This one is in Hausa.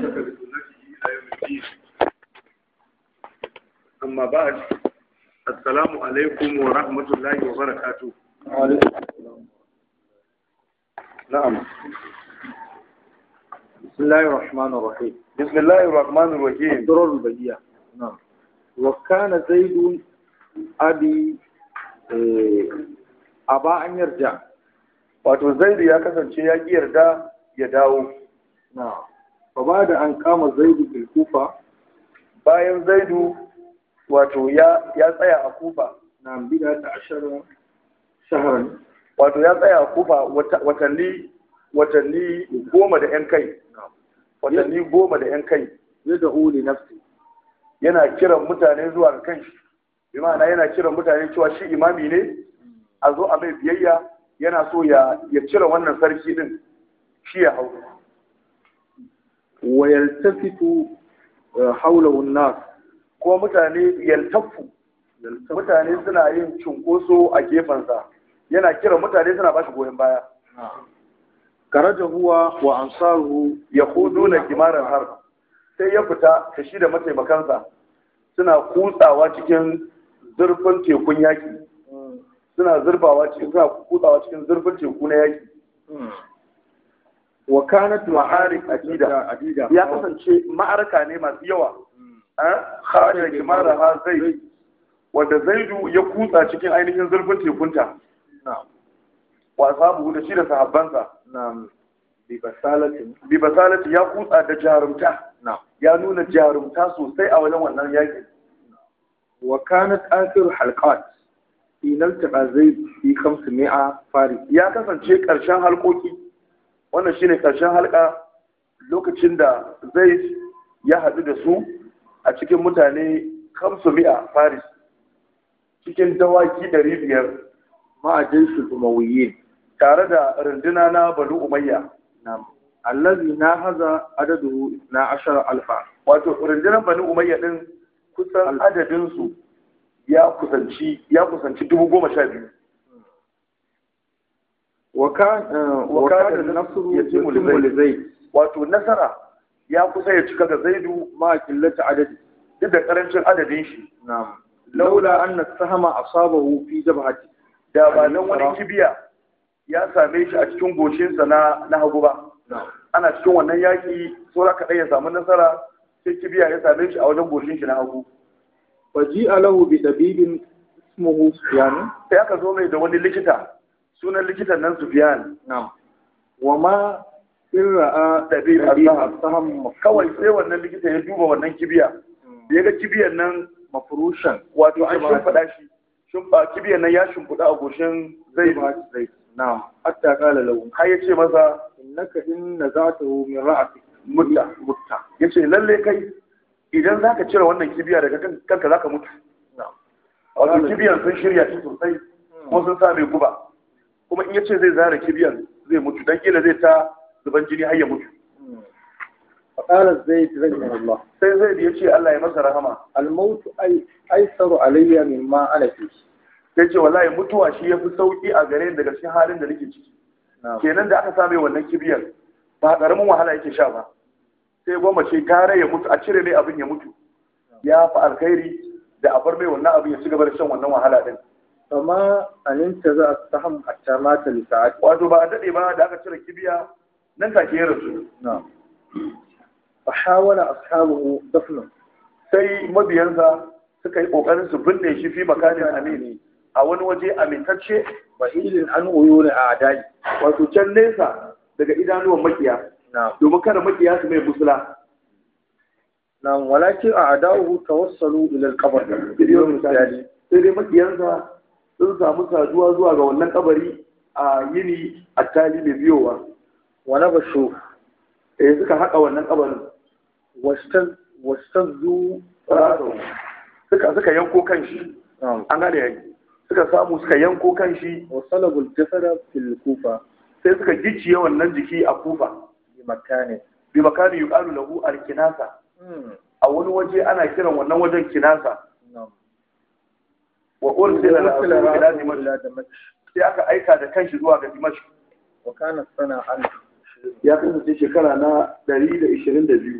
shakka da sunanci ila yau biyu amma ba a assalamu alaikum wa rahmatullahi wa barakatu na'am bismillahir rahmanir rahim bismillahir rahmanir rahim durar bayya na'am wa kana zaidun abi eh aba an yarda wato zaidu ya kasance ya yarda ya dawo فبعد أن قام زيد بالكوفة bayan zaidu wato ya يا a kufa na bida ta ashirin shaharan wato ya tsaya a kufa watanni watanni ده da yan kai watanni goma da yan kai yadda uli yana kiran mutane zuwa ga kanshi bi ma'ana yana kiran mutane cewa shi imami ne a zo a mai biyayya yana so ya cire wannan sarki din shi ya hau wa yaltafitu hawlahu ko mutane yaltafu mutane suna yin cunkoso a gefensa yana kira mutane suna ba shi goyon baya karaja huwa wa ansaruhu na kimaran har sai ya fita da shi da mataimakansa suna kutsawa cikin zurfin tekun yaki suna zurfawa cikin suna kutsawa cikin zurfin teku na yaki wa kanat ma'arik adida ya kasance ma'arka ne masu yawa hmm. eh? kharaja kimara ha zai wanda zaidu ya kutsa cikin ainihin zurfin tekunta wa sabu da shi da sahabbansa bi basalati ya kutsa da jarumta ya nuna jarumta sosai a wajen wannan yaki wa kanat akhir halqat inal taqa zaid fi 500 fari ya kasance karshen halkoki wannan shine karshen halka lokacin da zai ya haɗu da su a cikin mutane kamsu mi'a faris cikin dawaki ɗari biyar ma'ajin su wuyi tare da runduna na balu umayya na allazi na haza adadu na ashar alfa wato rundunar bani umayya din kusan adadinsu ya kusanci dubu goma sha biyu wakada nasru yatimu li zaid wato nasara ya kusa ya cika ga zaidu ma qillati adadi duk da karancin adadin shi na'am laula anna sahama asabahu fi jabhati da ba nan wani kibiya ya same shi a cikin goshinsa na na hagu ba ana cikin wannan yaki saura kaɗai ya samu nasara sai kibiya ya same shi a wajen goshin shi na hagu faji alahu bi dabibin ismuhu sufyan sai aka zo mai da wani likita sunan likitan nan Sufyan na'am wa ma ra'a irra'a ta saham kawai sai wannan likita ya duba wannan kibiya hmm. ya ga kibiyan nan mafurushan wato an shimfiɗa shi shimfa kibiyan nan ya shimfiɗa a goshin zai ba zai na'am hatta qala lahu har ce masa innaka inna zatahu min ra'atik mutta mutta yace lalle kai idan za ka cire wannan kibiya daga kanka ka mutu na'am wato kibiyan sun shirya shi sosai hmm. kuma sun sa mai guba kuma in yace zai zara kibiyar zai mutu dan kila zai ta zuban jini har ya mutu Allah sai zayd الله سي زيد يجي الله يمسى رحمه الموت ay أيسر alayya mimma أنا sai ce, wallahi mutuwa shi yafi sauki a gare daga cikin halin da nake ciki kenan da aka same wannan kibiyar ba karamin wahala yake sha ba sai goma ce gare ya mutu a cire mai abin ya mutu ya fa alkhairi da a bar mai wannan abin ya ci gaba da shan wannan wahala din a ninta za a saham ta mata lisa'ad wato ba a dade ba da aka cire kibiya nan ta ke rasu Na. A hawala ashabuhu dafna. sai mabiyansa suka yi kokarin su binne shi fi makanin amini a wani waje amintacce ba ilin an ne a adai wato can nesa daga idanuwan makiya domin kada makiya su mai musula Na. walakin a adawuhu tawassalu ila al-qabr sai dai makiyansa sun samu saduwa zuwa ga wannan kabari a yini a tali mai biyowa wani ba su eh suka haƙa wannan kabarin wastan zu suka suka yanko kan shi an gane yanki suka samu suka yanko kan shi wasalabul jasada fil kufa sai suka gicciye wannan jiki a kufa bi makane bi makane yuqalu lahu al kinasa hmm. a wani waje ana kiran wannan wajen kinasa wa ursila rasulullahi ila dimashq sai aka aika da kanshi zuwa ga dimashq wa kana sana ya kasance shekara na 122